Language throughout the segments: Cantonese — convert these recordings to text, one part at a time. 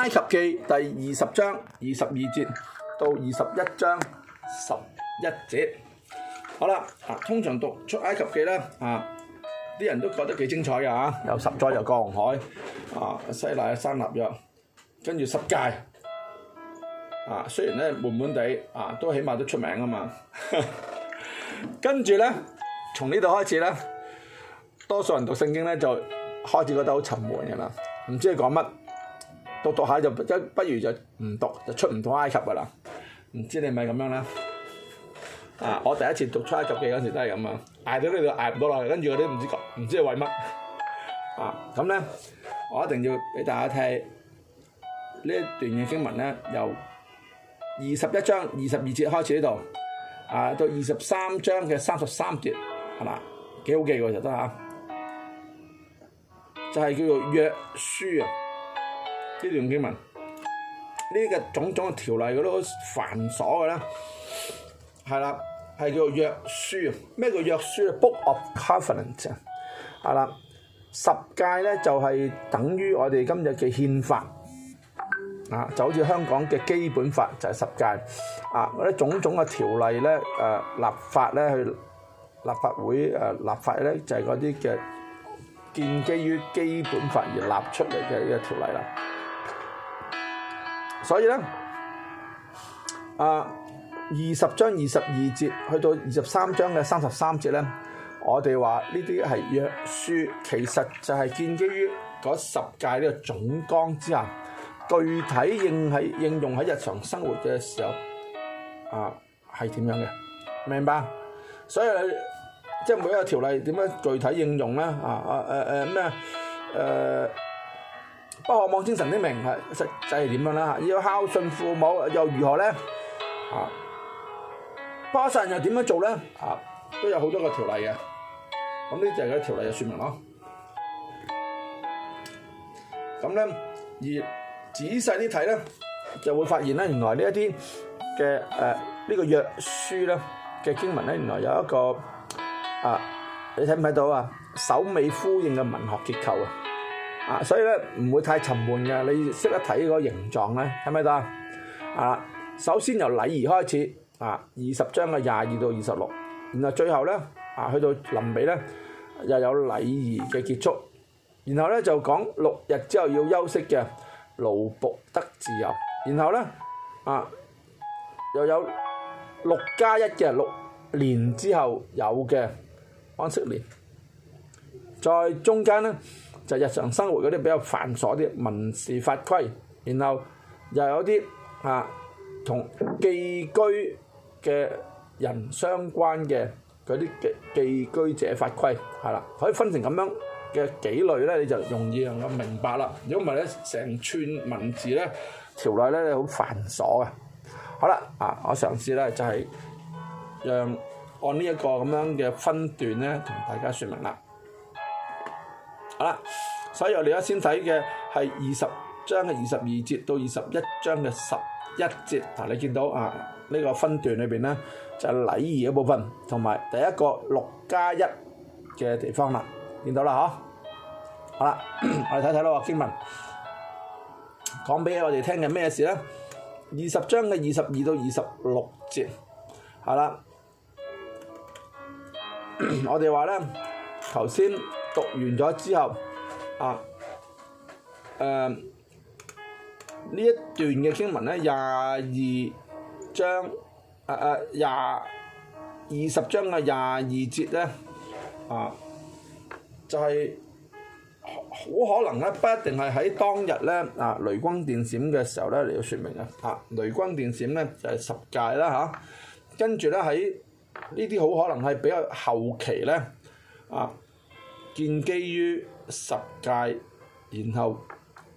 《埃及記》第二十章二十二節到二十一章十一節，好啦、啊，通常讀出《埃及記》呢咧、啊，啲人都覺得幾精彩噶，又、啊嗯、十災，又過、嗯、紅海，啊，西奈山立約，跟住十誡，啊，雖然咧悶悶地，啊，都起碼都出名啊嘛，呵呵跟住咧，從呢度開始咧，多數人讀聖經咧就開始覺得好沉悶噶啦，唔知佢講乜。讀讀下就不不如就唔讀就出唔到埃及㗎啦，唔知你咪咁樣啦。嗯、啊，我第一次讀出埃及記嗰時都係咁啊，挨到呢度挨唔到落嚟。跟住我哋都唔知唔知係為乜。啊，咁咧我一定要俾大家聽呢段嘅經文咧，由二十一章二十二節開始呢度，啊，到二十三章嘅三十三節係嘛，幾好記其實都嚇，就係、是、叫做約書啊。呢段經文，呢啲嘅種種嘅條例都，嗰啲好繁瑣嘅啦。係啦，係叫做約書，咩叫約書啊？Book of Covenant 啊啦，十戒咧就係等於我哋今日嘅憲法啊，就好似香港嘅基本法就係十戒啊，嗰啲種種嘅條例咧，誒立法咧去立法會誒立法咧，就係嗰啲嘅建基於基本法而立出嚟嘅嘅條例啦。所以咧，啊二十章二十二節去到二十三章嘅三十三節咧，我哋話呢啲係約書，其實就係建基於嗰十戒呢個總綱之下，具體應係應用喺日常生活嘅時候，啊係點樣嘅？明白？所以即係每一個條例點樣具體應用咧？啊啊咩？呃呃不渴望精神的名係實際係點樣啦？要孝順父母又如何咧？啊，不孝又點樣做咧？啊，都有好多個條例嘅，咁呢就係個條例嘅說明咯。咁咧，而仔細啲睇咧，就會發現咧，原來呢一啲嘅誒呢個約書咧嘅經文咧，原來有一個啊，你睇唔睇到啊？首尾呼應嘅文學結構啊！啊，所以咧唔會太沉悶嘅，你識得睇個形狀咧，係咪得啊？首先由禮儀開始，啊，二十章嘅廿二到二十六，然後最後咧，啊，去到臨尾咧又有禮儀嘅結束，然後咧就講六日之後要休息嘅，勞僕得自由，然後咧啊又有六加一嘅六年之後有嘅安息年，在中間咧。就日常生活嗰啲比較繁瑣啲民事法規，然後又有啲啊同寄居嘅人相關嘅嗰啲寄寄居者法規，係啦，可以分成咁樣嘅幾類咧，你就容易能夠明白啦。如果唔係咧，成串文字咧條例咧好繁瑣嘅。好啦，啊，我嘗試咧就係讓按呢一個咁樣嘅分段咧，同大家説明啦。好啦，所以我哋而家先睇嘅係二十章嘅二十二節到二十一章嘅十一節，嗱、啊、你見到啊呢、呢個分段裏邊咧，就禮儀嗰部分，同埋第一個六加一嘅地方啦，見到啦嗬？好啦，我哋睇睇咯，經文講俾我哋聽嘅咩事咧？二十章嘅二十二到二十六節，係啦，我哋話咧頭先。讀完咗之後，啊，誒、呃、呢一段嘅經文咧，廿二章，誒誒廿二十章嘅廿二節咧，啊，就係、是、好可能咧，不一定係喺當日咧，啊雷光電閃嘅時候咧嚟到説明嘅，啊雷光電閃咧就係、是、十戒啦嚇，跟住咧喺呢啲好可能係比較後期咧，啊。建基於十戒，然後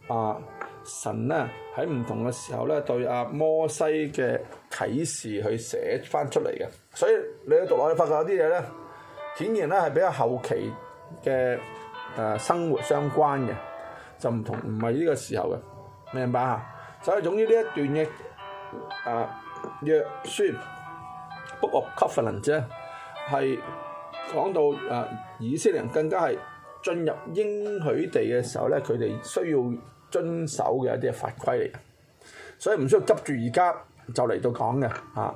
啊神咧喺唔同嘅時候咧對啊摩西嘅啟示去寫翻出嚟嘅，所以你去讀落去發覺有啲嘢咧顯然咧係比較後期嘅誒、啊、生活相關嘅，就唔同唔係呢個時候嘅，明白啊？所以總之呢一段嘅啊約書 Book of Covenant 係。講到誒、啊、以色列人更加係進入應許地嘅時候咧，佢哋需要遵守嘅一啲法規嚟嘅，所以唔需要急住而家就嚟到講嘅，啊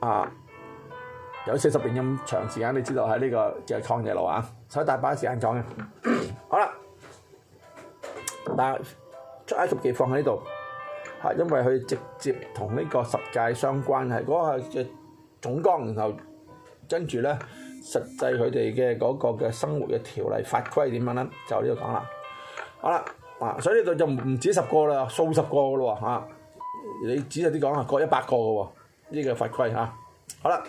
啊有四十年咁長時間，你知道喺呢、這個嘅、就是、曠野路啊，所以大把時間講嘅， 好啦，但係出埃及記放喺呢度，係、啊、因為佢直接同呢個十戒相關嘅嗰個嘅總綱，然後跟住咧。實際佢哋嘅嗰個嘅生活嘅條例法規點樣咧？就呢度講啦。好啦，啊，所以呢度就唔止十個啦，數十個嘅喎嚇。你仔細啲講啊，各一百個嘅喎呢個法規嚇、啊。好啦，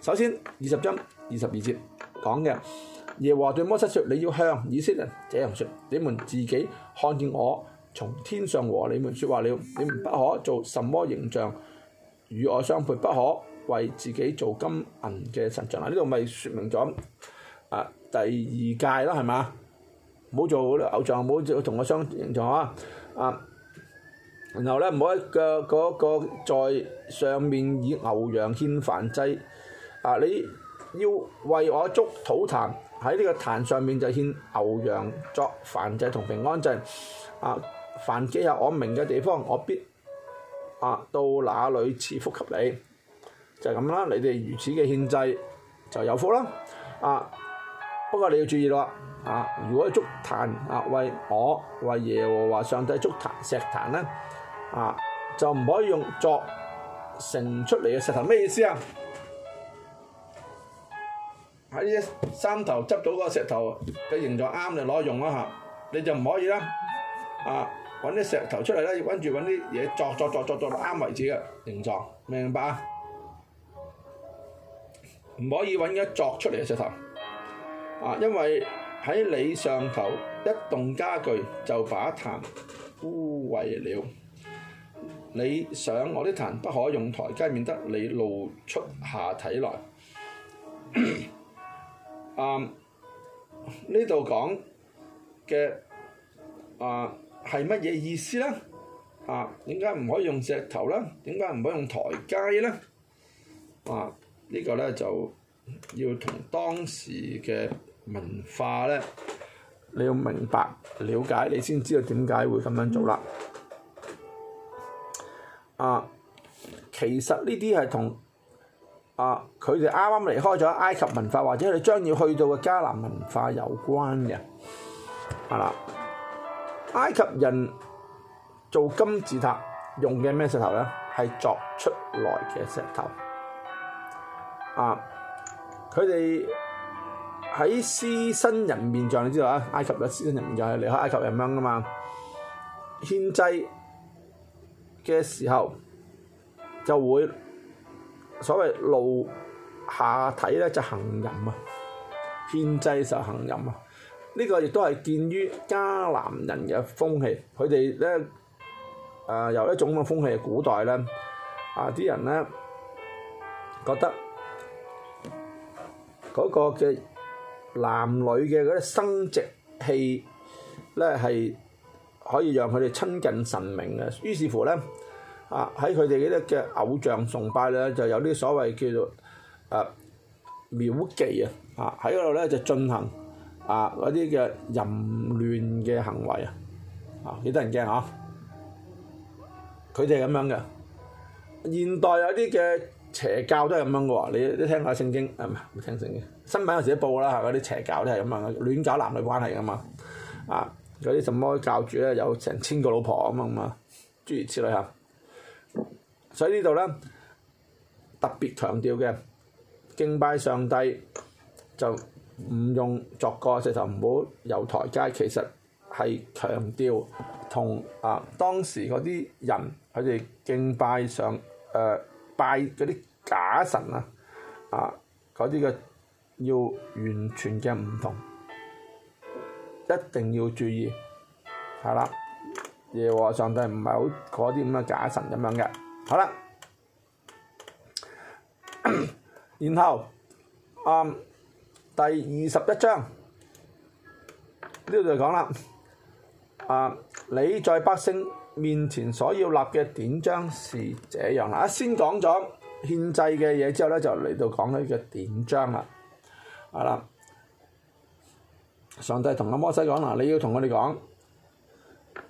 首先二十章二十二節講嘅，的 耶和華對摩西説：你要向以色列人這樣説：你們自己看見我從天上和你們説話了，你們不可做什麼形象與我相配，不可。為自己做金銀嘅神像啊！呢度咪説明咗啊第二誡啦，係嘛？唔好做偶像，唔好同我相認同啊！啊，然後咧唔好一嗰個在上面以牛羊獻燔祭啊！你要為我築土壇，喺呢個壇上面就獻牛羊作燔祭同平安祭啊！凡記下我名嘅地方，我必啊到那裏賜福給你。就係咁啦，你哋如此嘅獻祭就有福啦。啊，不過你要注意咯，啊，如果築壇啊為我為耶和華上帝築壇石壇咧，啊就唔可以用作成出嚟嘅石頭，咩意思啊？喺啲山頭執到個石頭嘅形狀啱就攞用啦嚇，你就唔可以啦。啊，揾啲石頭出嚟啦，要揾住揾啲嘢作作作作作到啱為止嘅形狀，明唔明白啊？唔可以揾一鑿出嚟嘅石頭，啊！因為喺你上頭一動家具，就把壇污穢了。你上我的壇不可用台階，免得你露出下體來。 啊！呢度講嘅啊係乜嘢意思呢？啊，點解唔可以用石頭呢？點解唔可以用台階呢？啊！這個呢個咧就要同當時嘅文化咧，你要明白、了解，你先知道點解會咁樣做啦。嗯、啊，其實呢啲係同啊佢哋啱啱離開咗埃及文化，或者佢哋將要去到嘅迦南文化有關嘅，係、啊、啦。埃及人做金字塔用嘅咩石頭咧？係鑿出來嘅石頭。啊！佢哋喺獅身人面像，你知道啊？埃及嘅獅身人面像係離開埃及人咁噶嘛？獻祭嘅時候就會所謂露下體咧，就係行淫啊！獻祭就行淫啊！呢個亦都係見於迦南人嘅風氣，佢哋咧誒有一種咁嘅風氣，古代咧啊啲人咧覺得。嗰個嘅男女嘅嗰啲生殖器咧係可以讓佢哋親近神明嘅，於是乎咧啊喺佢哋嗰啲嘅偶像崇拜咧，就有啲所謂叫做啊廟妓啊，啊喺嗰度咧就進行啊嗰啲嘅淫亂嘅行為啊，啊幾得人驚呵！佢哋係咁樣嘅，現代有啲嘅。邪教都係咁樣噶喎！你都聽下聖經啊？唔係冇聽聖經。新聞有時都報啦，嗰啲邪教都係咁啊，亂搞男女關係噶嘛啊！嗰啲什麼教主咧，有成千個老婆咁啊嘛，諸如此類啊。所以這呢度咧特別強調嘅敬拜上帝就唔用作個石頭，唔好有台階。其實係強調同啊當時嗰啲人，佢哋敬拜上誒。呃拜嗰啲假神啊，啊嗰啲嘅要完全嘅唔同，一定要注意，係啦，耶和上帝唔係好嗰啲咁嘅假神咁樣嘅，好啦，然後啊第二十一章呢度就講啦，啊你在北星。面前所要立嘅典章是這樣。啦，先講咗憲制嘅嘢之後咧，就嚟到講呢個典章啦。啊啦，上帝同阿摩西講啦，你要同我哋講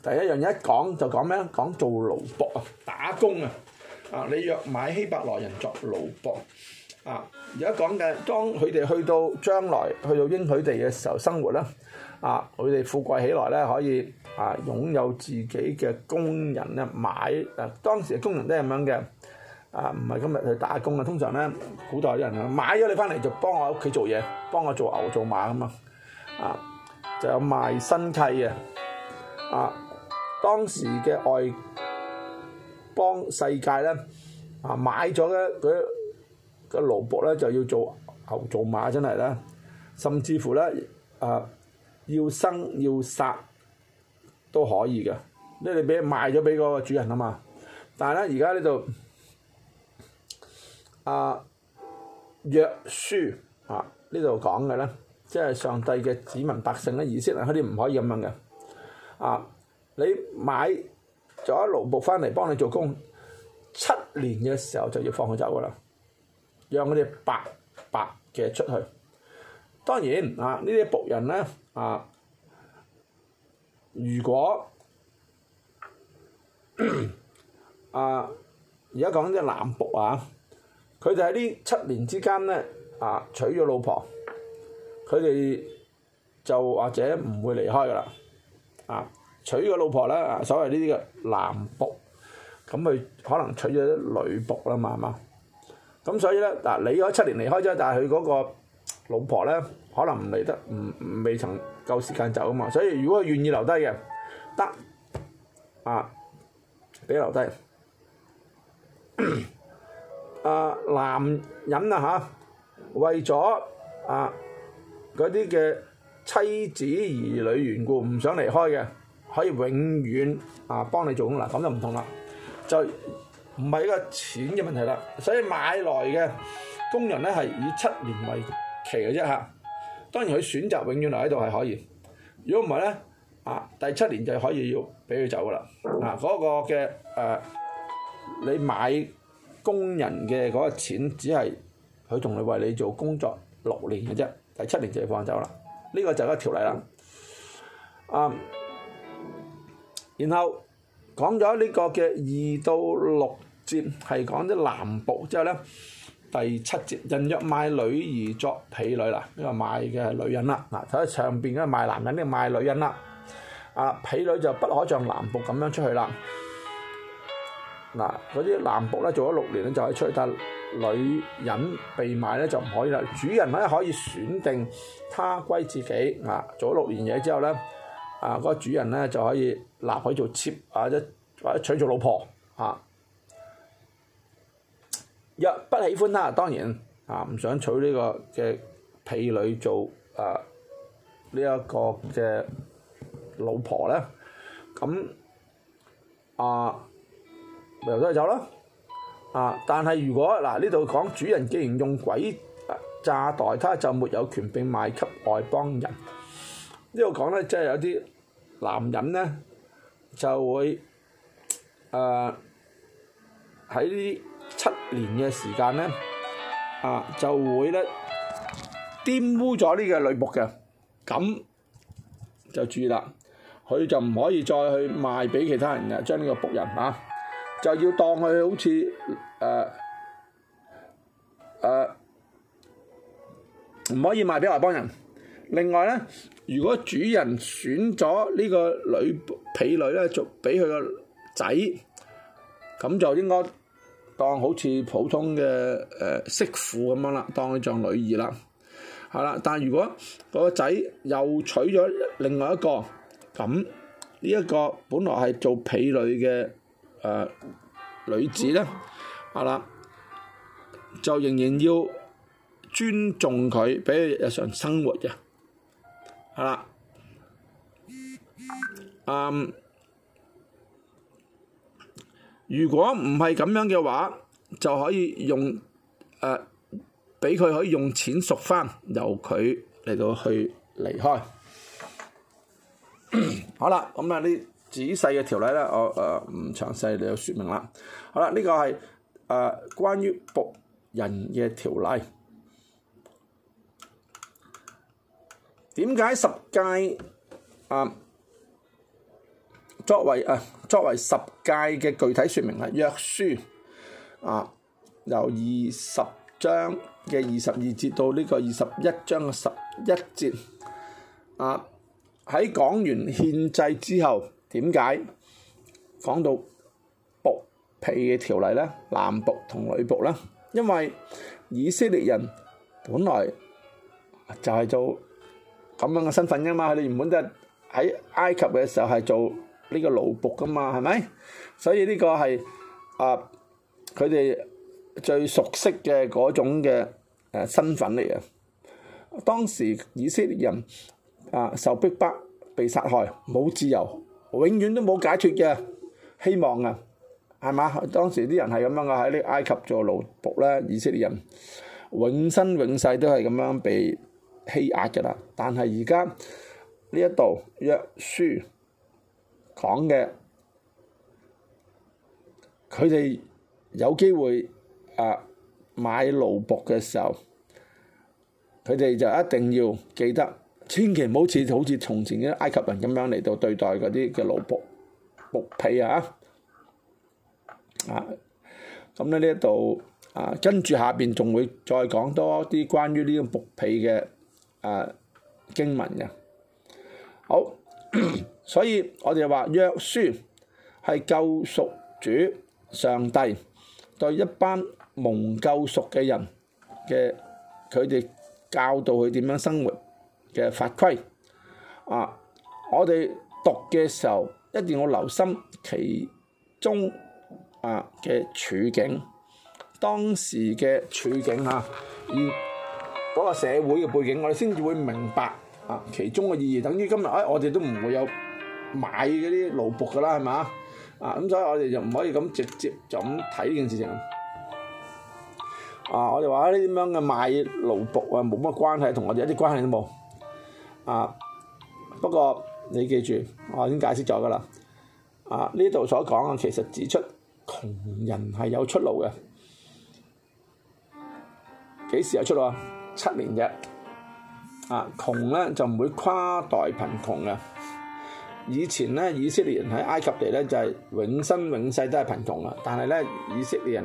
第一樣一講就講咩咧？講做奴僕啊，打工啊。啊，你若買希伯來人作奴僕啊，而家講嘅當佢哋去到將來去到應許地嘅時候生活啦。啊！佢哋富貴起來咧，可以啊擁有自己嘅工人咧，買啊當時嘅工人都係咁樣嘅，啊唔係今日去打工啦。通常咧古代啲人買咗你翻嚟就幫我屋企做嘢，幫我做牛做馬咁啊！就有賣身契嘅，啊當時嘅外邦世界咧，啊買咗咧佢嘅奴僕咧就要做牛做馬真係啦，甚至乎咧啊～要生要殺都可以嘅，因為你俾賣咗俾嗰個主人啊嘛。但係咧，而家呢度阿約書啊呢度講嘅咧，即係上帝嘅子民百姓咧，意識啊，佢哋唔可以咁問嘅。啊，你買咗奴僕翻嚟幫你做工七年嘅時候，就要放佢走噶啦，讓佢哋白白嘅出去。當然，啊這呢啲僕人咧，啊如果啊而家講啲男僕啊，佢哋喺呢七年之間咧，啊娶咗老婆，佢哋就或者唔會離開噶啦，啊娶咗老婆啦、啊，所謂呢啲嘅男僕，咁、啊、佢可能娶咗啲女僕啦嘛，係、啊、嘛？咁所以咧，嗱、啊、你嗰七年離開之後，但係佢嗰個老婆咧可能唔嚟得，唔未曾夠時間走啊嘛，所以如果佢願意留低嘅，得啊俾留低。啊，下啊男人啊嚇，為咗啊嗰啲嘅妻子兒女緣故唔想離開嘅，可以永遠啊幫你做工嗱，咁就唔同啦，就唔係一個錢嘅問題啦，所以買來嘅工人咧係以七年為期嘅啫吓，當然佢選擇永遠留喺度係可以，如果唔係咧，啊，第七年就可以要俾佢走噶啦，嗱、啊、嗰、嗰個嘅誒、啊，你買工人嘅嗰個錢，只係佢同你為你做工作六年嘅啫，第七年就要放走啦，呢、呢個就係一個條例啦。啊，然後講咗呢個嘅二到六節係講啲南部之後咧。就是第七節，人若賣女兒作婢女啦，呢個賣嘅女人啦。嗱，睇下上邊嗰賣男人，呢個賣女人啦。啊，婢女就不可像男僕咁樣出去啦。嗱，嗰啲男僕咧做咗六年咧就可以出去，但女人被賣咧就唔可以啦。主人咧可以選定他歸自己。嗱，做咗六年嘢之後咧，啊，嗰主人咧就可以立佢做妾或者娶做老婆啊。若、yeah，不喜歡啦，當然啊，唔想娶呢、呢個嘅婢女做啊呢一、呢個嘅老婆咧，咁啊咪由得佢走咯。啊！但係如果嗱，呢度講主人既然用詭詐待，他就沒有權柄賣給外邦人。呢度講咧，即係有啲男人咧就會啊喺呢啲。七年嘅時間咧，啊就會咧玷污咗呢個女僕嘅，咁就注意啦。佢就唔可以再去賣俾其他人嘅，將呢個僕人啊，就要當佢好似誒誒唔可以賣俾外邦人。另外咧，如果主人選咗呢個女婢女咧，就做俾佢個仔，咁就應該。當好似普通嘅媳婦咁樣啦，當佢做女兒啦，係啦。但係如果個仔又娶咗另外一個，咁呢一個本來係做婢女嘅、呃、女子咧，係啦，就仍然要尊重佢，俾佢日常生活嘅，係啦。嗯。如果唔係咁樣嘅話，就可以用誒俾佢可以用錢贖翻，由佢嚟到去離開。 好啦，咁啊呢啲仔細嘅條例咧，我誒唔詳細嚟有説明啦。好啦，呢、這個係誒、呃、關於僕人嘅條例。點解十街誡啊？呃作為啊，作為十戒嘅具體説明啊，《約書》啊，由二十章嘅二十二節到呢個二十一章嘅十一節啊，喺講完獻祭之後，點解講到僕婢嘅條例咧？男僕同女僕啦，因為以色列人本來就係做咁樣嘅身份㗎嘛，佢哋原本都係喺埃及嘅時候係做。呢個奴僕噶嘛，係咪？所以呢個係啊，佢哋最熟悉嘅嗰種嘅誒身份嚟啊！當時以色列人啊受逼迫、被殺害、冇自由，永遠都冇解決嘅希望啊！係嘛？當時啲人係咁樣嘅，喺呢個埃及做奴僕咧，以色列人永生永世都係咁樣被欺壓㗎喇。但係而家呢一道約書。講嘅，佢哋有機會啊買奴僕嘅時候，佢哋就一定要記得，千祈唔好似好似從前嘅埃及人咁樣嚟到對待嗰啲嘅奴僕僕婢啊！啊，咁咧呢一度啊，跟住下邊仲會再講多啲關於呢個僕婢嘅啊經文嘅，好。所以我哋話約書係救贖主上帝對一班蒙救贖嘅人嘅，佢哋教導佢點樣生活嘅法規啊！我哋讀嘅時候一定要留心其中啊嘅處境，當時嘅處境啊，而嗰個社會嘅背景，我哋先至會明白啊其中嘅意義。等於今日，哎，我哋都唔會有。買嗰啲奴僕噶啦，係嘛？啊，咁所以我哋就唔可以咁直接就咁睇呢件事情。啊，我哋話呢啲咁樣嘅買奴僕啊，冇乜關係，同我哋一啲關係都冇。啊，不過你記住，我已經解釋咗噶啦。啊，呢度所講嘅，其實指出窮人係有出路嘅。幾時有出路啊？七年啫。啊，窮咧就唔會跨代貧窮嘅。以前咧，以色列人喺埃及地咧就係、是、永生永世都係貧窮啊！但係咧，以色列人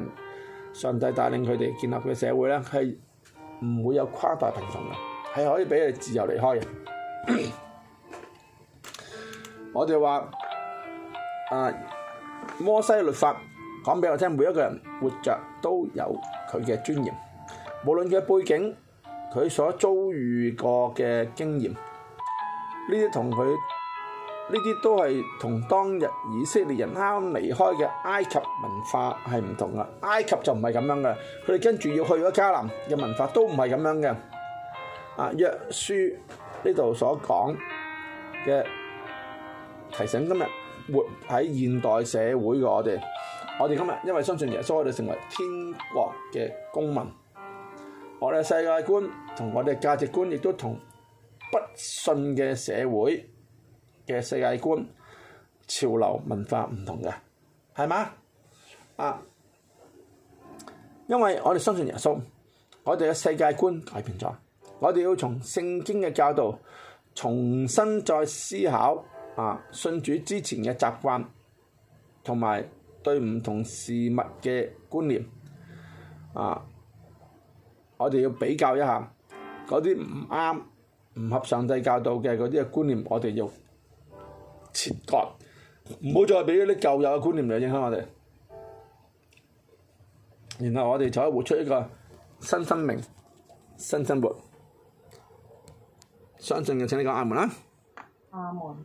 上帝帶領佢哋建立嘅社會咧，係唔會有誇大貧窮嘅，係可以俾佢自由離開嘅。 我哋話啊，摩西律法講俾我聽，每一個人活着都有佢嘅尊嚴，無論佢嘅背景，佢所遭遇過嘅經驗，呢啲同佢。呢啲都係同當日以色列人啱離開嘅埃及文化係唔同噶，埃及就唔係咁樣噶，佢哋跟住要去咗迦南嘅文化都唔係咁樣嘅。啊，約書呢度所講嘅提醒今，今日活喺現代社會嘅我哋，我哋今日因為相信耶穌，我哋成為天國嘅公民，我哋世界觀同我哋價值觀亦都同不信嘅社會。嘅世界觀、潮流文化唔同嘅，係嘛？啊，因為我哋相信耶穌，我哋嘅世界觀改變咗，我哋要從聖經嘅教導重新再思考啊！信主之前嘅習慣同埋對唔同事物嘅觀念啊，我哋要比較一下嗰啲唔啱、唔合上帝教導嘅嗰啲嘅觀念，我哋要切割，唔好再畀嗰啲舊有嘅觀念嚟影響我哋。然後我哋就可以活出一個新生命、新生活。相信嘅請你講阿門啦。阿門。